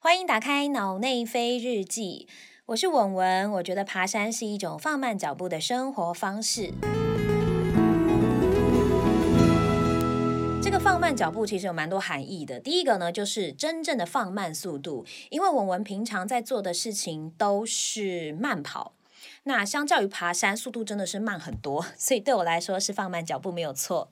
歡迎打開腦內啡日記，我是文文。我覺得爬山是一種放慢腳步的生活方式。這個放慢腳步其實有蠻多含義的。第一個呢，就是真正的放慢速度，因為文文平常在做的事情都是慢跑。那相較於爬山，速度真的是慢很多，所以對我來說是放慢腳步沒有錯。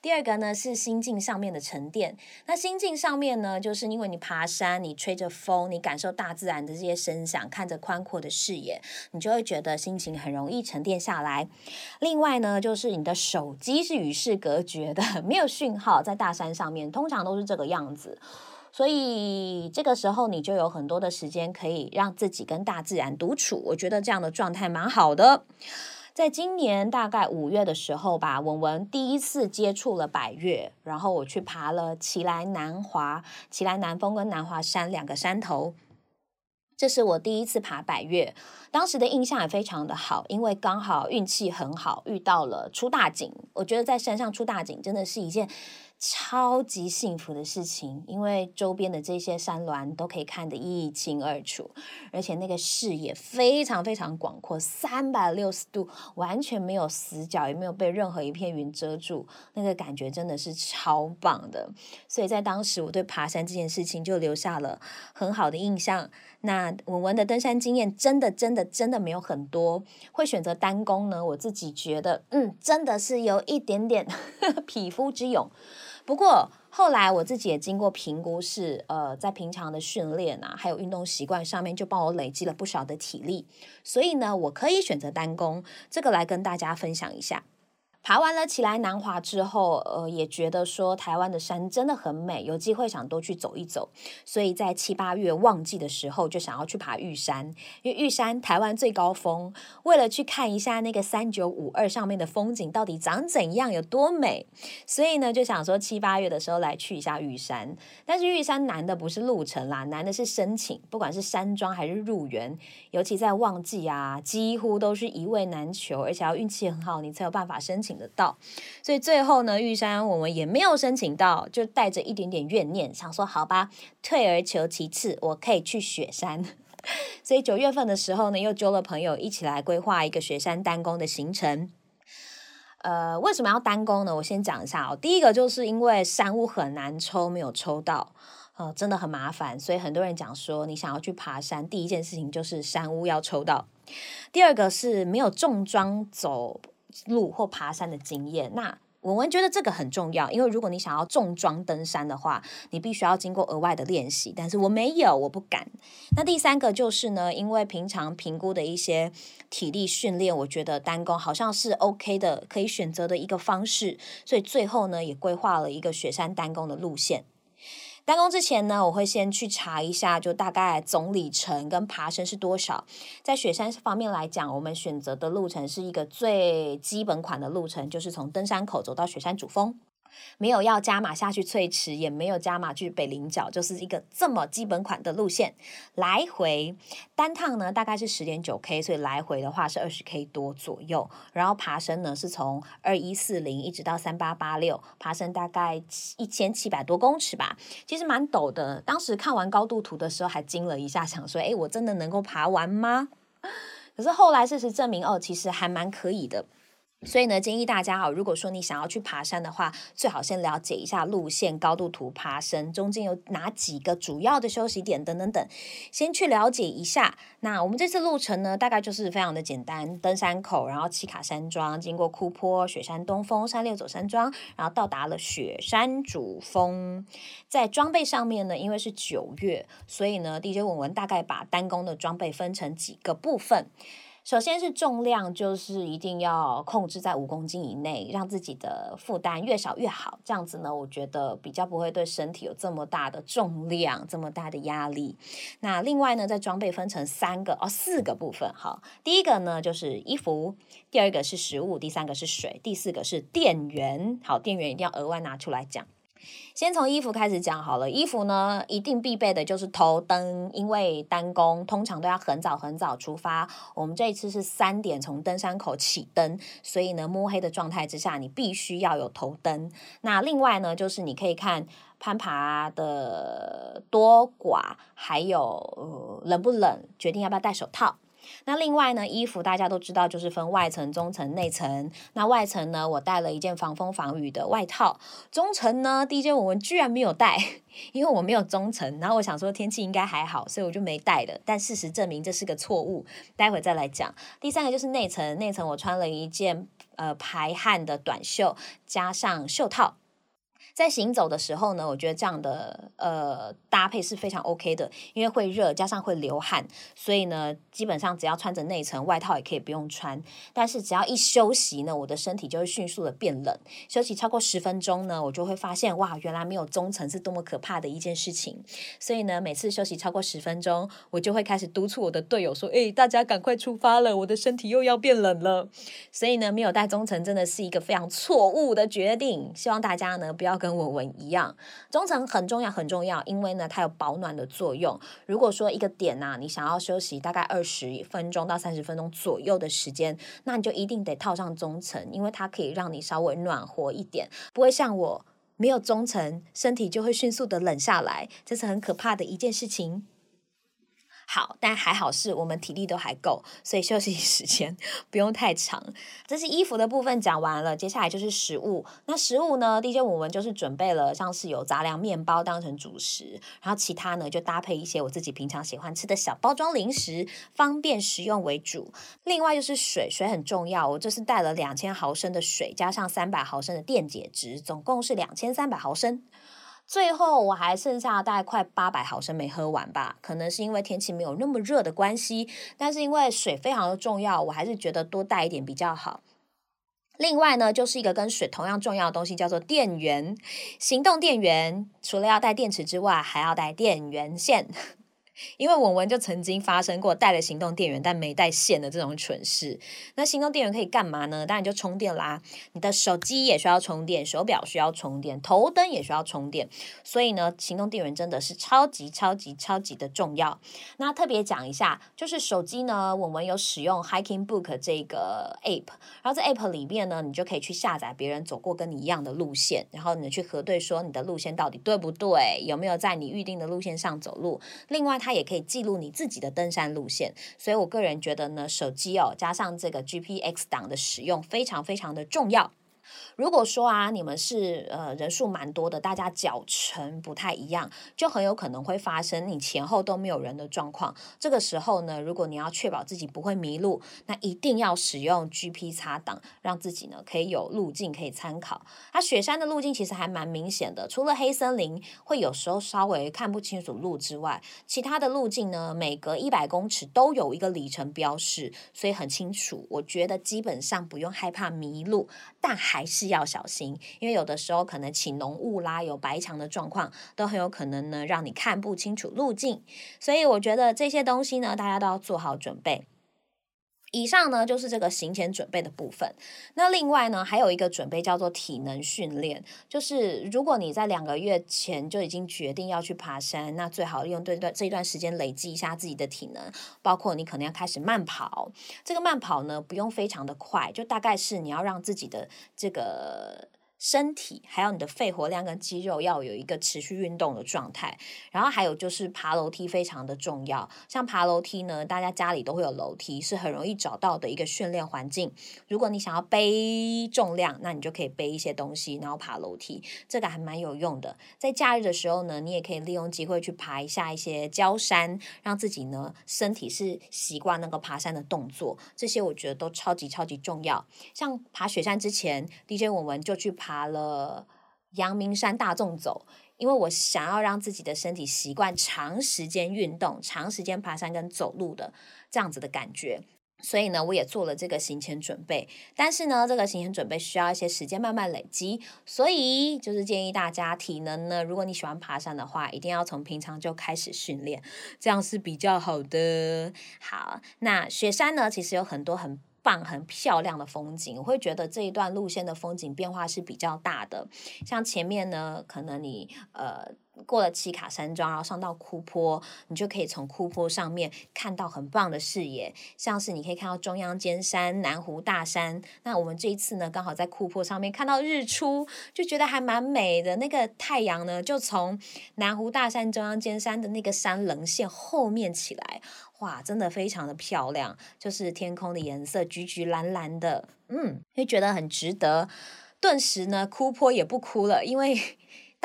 第二個呢是心境上面的沉澱。那心境上面呢，就是因為你爬山，你吹着風，你感受大自然的這些聲響，看着寬闊的視野，你就會覺得心情很容易沉澱下來。另外呢，就是你的手機是與世隔絕的，沒有訊號，在大山上面通常都是這個樣子。所以這個時候你就有很多的時間可以讓自己跟大自然獨處，我覺得這樣的狀態蠻好的。在今年大概五月的時候吧，文文第一次接觸了百岳，然後我去爬了奇萊南華、奇萊南峰跟南華山兩個山頭，這是我第一次爬百岳，當時的印象也非常的好，因為剛好運氣很好遇到了出大景，我覺得在山上出大景真的是一件超級幸福的事情，因為周邊的這些山巒都可以看得一清二楚，而且那個視野非常非常廣闊，三百六十度完全沒有死角，也沒有被任何一片雲遮住，那個感覺真的是超棒的。所以在當時，我對爬山這件事情就留下了很好的印象。那我文，文的登山經驗真的真的真的沒有很多，會選擇單攻呢？我自己覺得，嗯，真的是有一點點匹夫之勇。不過後來我自己也經過評估是，是呃，在平常的訓練啊，還有運動習慣上面，就幫我累積了不少的體力，所以呢，我可以選擇單攻這個來跟大家分享一下。爬完了奇萊南華之後，呃，也覺得說台灣的山真的很美，有機會想多去走一走。所以在七八月旺季的時候，就想要去爬玉山，因為玉山台灣最高峰，為了去看一下那個三九五二上面的風景到底長怎樣，有多美。所以呢，就想說七八月的時候來去一下玉山。但是玉山難的不是路程啦，難的是申請，不管是山莊還是入園，尤其在旺季啊，幾乎都是一位難求，而且要運氣很好，你才有辦法申請得到，所以最後呢，玉山我們也沒有申請到，就帶着一點點怨念，想說好吧，退而求其次，我可以去雪山。 所以九月份的時候呢，又揪了朋友一起來規劃一個雪山單攻的行程。呃，為什麼要單攻呢？我先講一下哦。第一個就是因為山屋很難抽，沒有抽到，呃，真的很麻煩。所以很多人講說，你想要去爬山，第一件事情就是山屋要抽到。第二個是沒有重裝走路或爬山的經驗，那文文覺得這個很重要，因為如果你想要重裝登山的話，你必須要經過額外的練習。但是我沒有，我不敢。那第三個就是呢，因為平常評估的一些體力訓練，我覺得單攻好像是 OK 的，可以選擇的一個方式。所以最後呢，也規劃了一個雪山單攻的路線。單攻之前呢，我會先去查一下，就大概總里程跟爬升是多少。在雪山方面來講，我們選擇的路程是一個最基本款的路程，就是從登山口走到雪山主峰。沒有要加碼下去翠池，也沒有加碼去北稜角，就是一個這麼基本款的路線，來回單趟呢大概是十點九 K，所以來回的話是二十 K 多左右。然後爬升呢是從二一四零一直到三八八六，爬升大概一千七百多公尺吧，其實蠻陡的。當時看完高度圖的時候還驚了一下，想說，哎，我真的能夠爬完嗎？可是後來事實證明，哦，其實還蠻可以的。所以呢，建議大家啊，如果說你想要去爬山的話，最好先了解一下路線高度圖、爬升中間有哪幾個主要的休息點等等等，先去了解一下。那我們這次路程呢，大概就是非常的簡單，登山口，然後七卡山莊，經過庫坡、雪山東峰、三六九山莊，然後到達了雪山主峰。在裝備上面呢，因為是九月，所以呢，DJ 文文大概把單攻的裝備分成幾個部分。首先是重量，就是一定要控制在五公斤以內，讓自己的負擔越少越好。這樣子呢，我覺得比較不會對身體有這麼大的重量，這麼大的壓力。那另外呢，在裝備分成三個哦四個部分，好，第一個呢就是衣服，第二個是食物，第三個是水，第四個是電源。好，電源一定要額外拿出來講。先從衣服開始講好了，衣服呢一定必備的就是頭燈，因為單攻通常都要很早很早出發，我們這一次是三點從登山口起登，所以呢摸黑的狀態之下，你必須要有頭燈。那另外呢，就是你可以看攀爬的多寡，還有冷不冷，決定要不要戴手套。那另外呢，衣服大家都知道，就是分外層、中層、內層。那外層呢，我帶了一件防風防雨的外套。中層呢，第一件我們居然沒有帶，因為我沒有中層。然後我想說天氣應該還好，所以我就沒帶了。但事實證明這是個錯誤，待會再來講。第三個就是內層，內層我穿了一件呃排汗的短袖，加上袖套。在行走的時候呢，我覺得這樣的呃搭配是非常 OK 的，因為會熱加上會流汗，所以呢，基本上只要穿着內層，外套也可以不用穿。但是只要一休息呢，我的身體就會迅速的變冷。休息超過十分鐘呢，我就會發現哇，原來沒有中層是多麼可怕的一件事情。所以呢，每次休息超過十分鐘，我就會開始督促我的隊友說：“誒，大家趕快出發了，我的身體又要變冷了。”所以呢，沒有帶中層真的是一個非常錯誤的決定。希望大家呢不要，跟文文一樣，中層很重要，很重要，因為呢，它有保暖的作用。如果說一個點呢、啊，你想要休息大概二十分鐘到三十分鐘左右的時間，那你就一定得套上中層，因為它可以讓你稍微暖和一點，不會像我沒有中層，身體就會迅速的冷下來，這是很可怕的一件事情。好，但還好是我們體力都還夠，所以休息時間不用太長。這是衣服的部分講完了，接下來就是食物。那食物呢？第一件我們就是準備了像是有雜糧麵包當成主食，然後其他呢，就搭配一些我自己平常喜歡吃的小包裝零食，方便食用為主。另外就是水，水很重要，我這次帶了兩千毫升的水，加上三百毫升的電解質，總共是兩千三百毫升。最後我還剩下大概快八百毫升沒喝完吧，可能是因為天氣沒有那麼熱的關係，但是因為水非常的重要，我還是覺得多帶一點比較好。另外呢，就是一個跟水同樣重要的東西，叫做電源。行動電源除了要帶電池之外，還要帶電源線。因為文文就曾經發生過帶了行動電源但沒帶線的這種蠢事。那行動電源可以幹嘛呢？當然就充電啦。你的手機也需要充電，手錶需要充電，頭燈也需要充電。所以呢，行動電源真的是超級超級超級的重要。那特別講一下，就是手機呢，文文有使用 Hiking Book 這個 App，然後在 App 裡面呢，你就可以去下載別人走過跟你一樣的路線，然後你去核對說你的路線到底對不對，有沒有在你預定的路線上走路。另外，它也可以記錄你自己的登山路線，所以我個人覺得呢，手機哦，加上這個 GPX 檔的使用非常非常的重要。如果說啊，你們是呃人數蠻多的，大家腳程不太一樣，就很有可能會發生你前後都沒有人的狀況。這個時候呢，如果你要確保自己不會迷路，那一定要使用 GPX 檔，讓自己呢可以有路徑可以參考。它、啊、雪山的路徑其實還蠻明顯的，除了黑森林會有時候稍微看不清楚路之外，其他的路徑呢，每隔一百公尺都有一個里程標示，所以很清楚。我覺得基本上不用害怕迷路，但還。還是要小心，因為有的時候可能起濃霧啦，有白牆的狀況，都很有可能呢讓你看不清楚路徑。所以我覺得這些東西呢，大家都要做好準備。以上呢，就是這個行前準備的部分。那另外呢，還有一個準備叫做體能訓練，就是如果你在兩個月前就已經決定要去爬山，那最好利用這段這段時間累積一下自己的體能，包括你可能要開始慢跑。這個慢跑呢，不用非常的快，就大概是你要讓自己的這個。身體還有你的肺活量跟肌肉要有一個持續運動的狀態，然後還有就是爬樓梯非常的重要。像爬樓梯呢，大家家裡都會有樓梯，是很容易找到的一個訓練環境。如果你想要背重量，那你就可以背一些東西，然後爬樓梯，這個還蠻有用的。在假日的時候呢，你也可以利用機會去爬一下一些郊山，讓自己呢身體是習慣那個爬山的動作。這些我覺得都超級超級重要。像爬雪山之前，DJ 我們就去爬。爬了陽明山大縱走，因為我想要讓自己的身體習慣長時間運動、長時間爬山跟走路的這樣子的感覺，所以呢，我也做了這個行前準備。但是呢，這個行前準備需要一些時間慢慢累積，所以就是建議大家體能呢，如果你喜歡爬山的話，一定要從平常就開始訓練，這樣是比較好的。好，那雪山呢，其實有很多很。放很漂亮的風景，我會覺得這一段路線的風景變化是比較大的。像前面呢，可能你呃。過了七卡山莊，然後上到哭坡，你就可以從哭坡上面看到很棒的視野，像是你可以看到中央尖山、南湖大山。那我們這一次呢，剛好在哭坡上面看到日出，就覺得還蠻美的。那個太陽呢，就從南湖大山、中央尖山的那個山稜線後面起來，哇，真的非常的漂亮，就是天空的顏色，橘橘藍藍的，嗯，就覺得很值得。頓時呢，哭坡也不哭了，因為。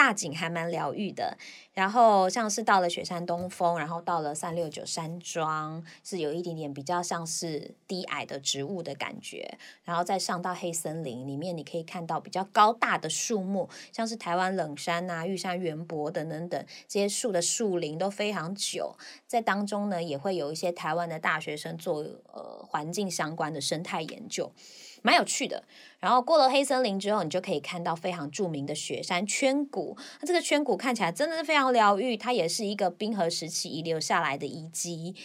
大景還蠻療癒的，然後像是到了雪山東峰，然後到了三六九山莊，是有一點點比較像是低矮的植物的感覺，然後再上到黑森林裡面，你可以看到比較高大的樹木，像是台灣冷杉啊、啊玉山圓柏等等等這些樹的樹林都非常久，在當中呢，也會有一些台灣的大學生做呃環境相關的生態研究。蠻有趣的，然後過了黑森林之後，你就可以看到非常著名的雪山圈谷。那這個圈谷看起來真的是非常療癒，它也是一個冰河時期遺留下來的遺跡。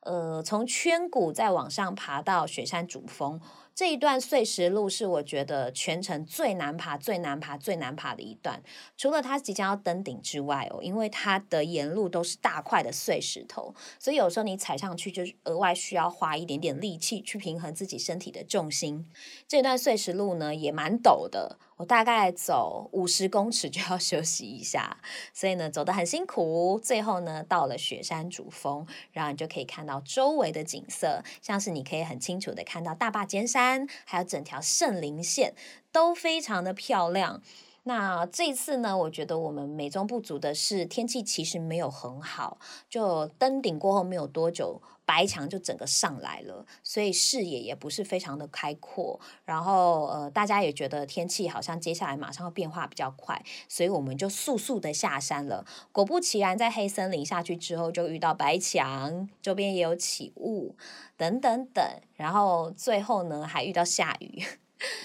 呃，從圈谷再往上爬到雪山主峰。這一段碎石路是我覺得全程最難爬、最難爬、最難爬的一段，除了它即將要登頂之外哦，因為它的沿路都是大塊的碎石頭，所以有時候你踩上去就是額外需要花一點點力氣去平衡自己身體的重心。這段碎石路呢，也蠻陡的。我大概走五十公尺就要休息一下，所以呢，走得很辛苦。最後呢，到了雪山主峰，然後你就可以看到周圍的景色，像是你可以很清楚的看到大霸尖山，還有整條聖稜線，都非常的漂亮。那這一次呢，我覺得我們美中不足的是，天氣其實沒有很好，就登頂過後沒有多久，白牆就整個上來了，所以視野也不是非常的開闊。然後呃，大家也覺得天氣好像接下來馬上會變化比較快，所以我們就速速的下山了。果不其然，在黑森林下去之後，就遇到白牆，周邊也有起霧等等等，然後最後呢，還遇到下雨。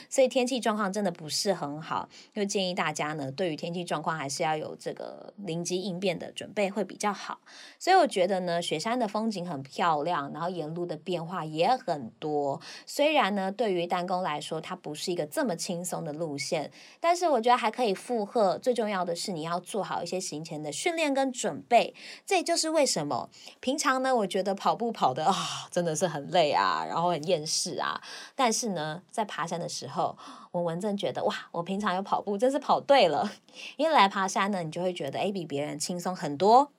所以天氣狀況真的不是很好，就建議大家呢，對於天氣狀況還是要有這個臨機應變的準備會比較好。所以我覺得呢，雪山的風景很漂亮，然後沿路的變化也很多。雖然呢，對於單攻來說，它不是一個這麼輕鬆的路線，但是我覺得還可以負荷。最重要的是，你要做好一些行前的訓練跟準備。這就是為什麼平常呢，我覺得跑步跑的啊、哦，真的是很累啊，然後很厭世啊。但是呢，在爬山。的時候，我文正覺得哇，我平常有跑步，真是跑對了。因為來爬山呢，你就會覺得誒，A, 比別人輕鬆很多。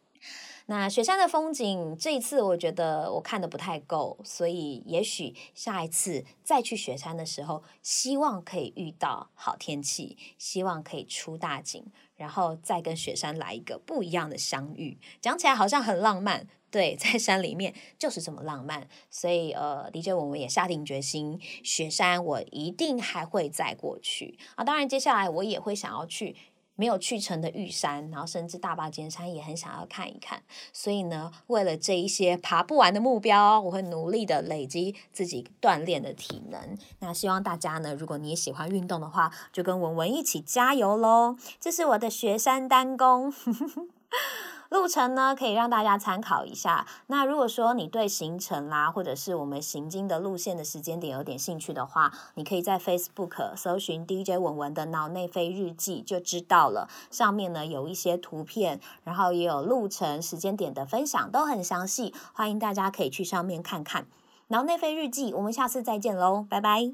那雪山的風景，這一次我覺得我看的不太夠，所以也許下一次再去雪山的時候，希望可以遇到好天氣，希望可以出大景，然後再跟雪山來一個不一樣的相遇。講起來好像很浪漫。對，在山裡面就是這麼浪漫，所以呃，的確，我們也下定決心，雪山我一定還會再過去啊。當然，接下來我也會想要去沒有去成的玉山，然後甚至大霸尖山也很想要看一看。所以呢，為了這一些爬不完的目標，我會努力的累積自己鍛鍊的體能。那希望大家呢，如果你也喜歡運動的話，就跟文文一起加油嘍！這是我的雪山單攻。 路程呢，可以讓大家參考一下。那如果說你對行程啦，或者是我們行經的路線的時間點有點興趣的話，你可以在 Facebook 搜尋 DJ 文文的腦內啡日記就知道了。上面呢，有一些圖片，然後也有路程時間點的分享，都很詳細。歡迎大家可以去上面看看。腦內啡日記，我們下次再見嘍，拜拜。